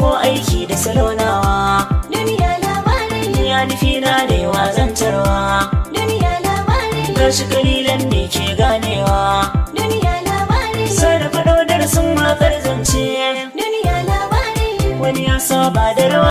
ko aiki da salonawa duniya labarin ne ya nufi na da yawa zantarwa duniya labarin ga shi kalilan ne ke ganewa duniya labarin sarrafa dodar sun matsar zance duniya labarin wani ya saba da rawa